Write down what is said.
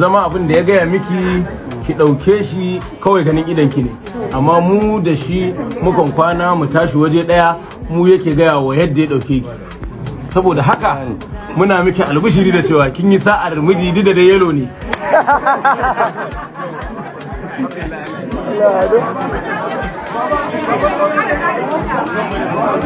zama abin da ya gaya miki ki ɗauke shi kawai ganin idan ki ne amma mu da shi mukan kwana mu tashi waje ɗaya mu yake gaya wa yadda ya ɗauke ki saboda haka muna miki albishiri da cewa kin yi sa'ar miji da da yelo ne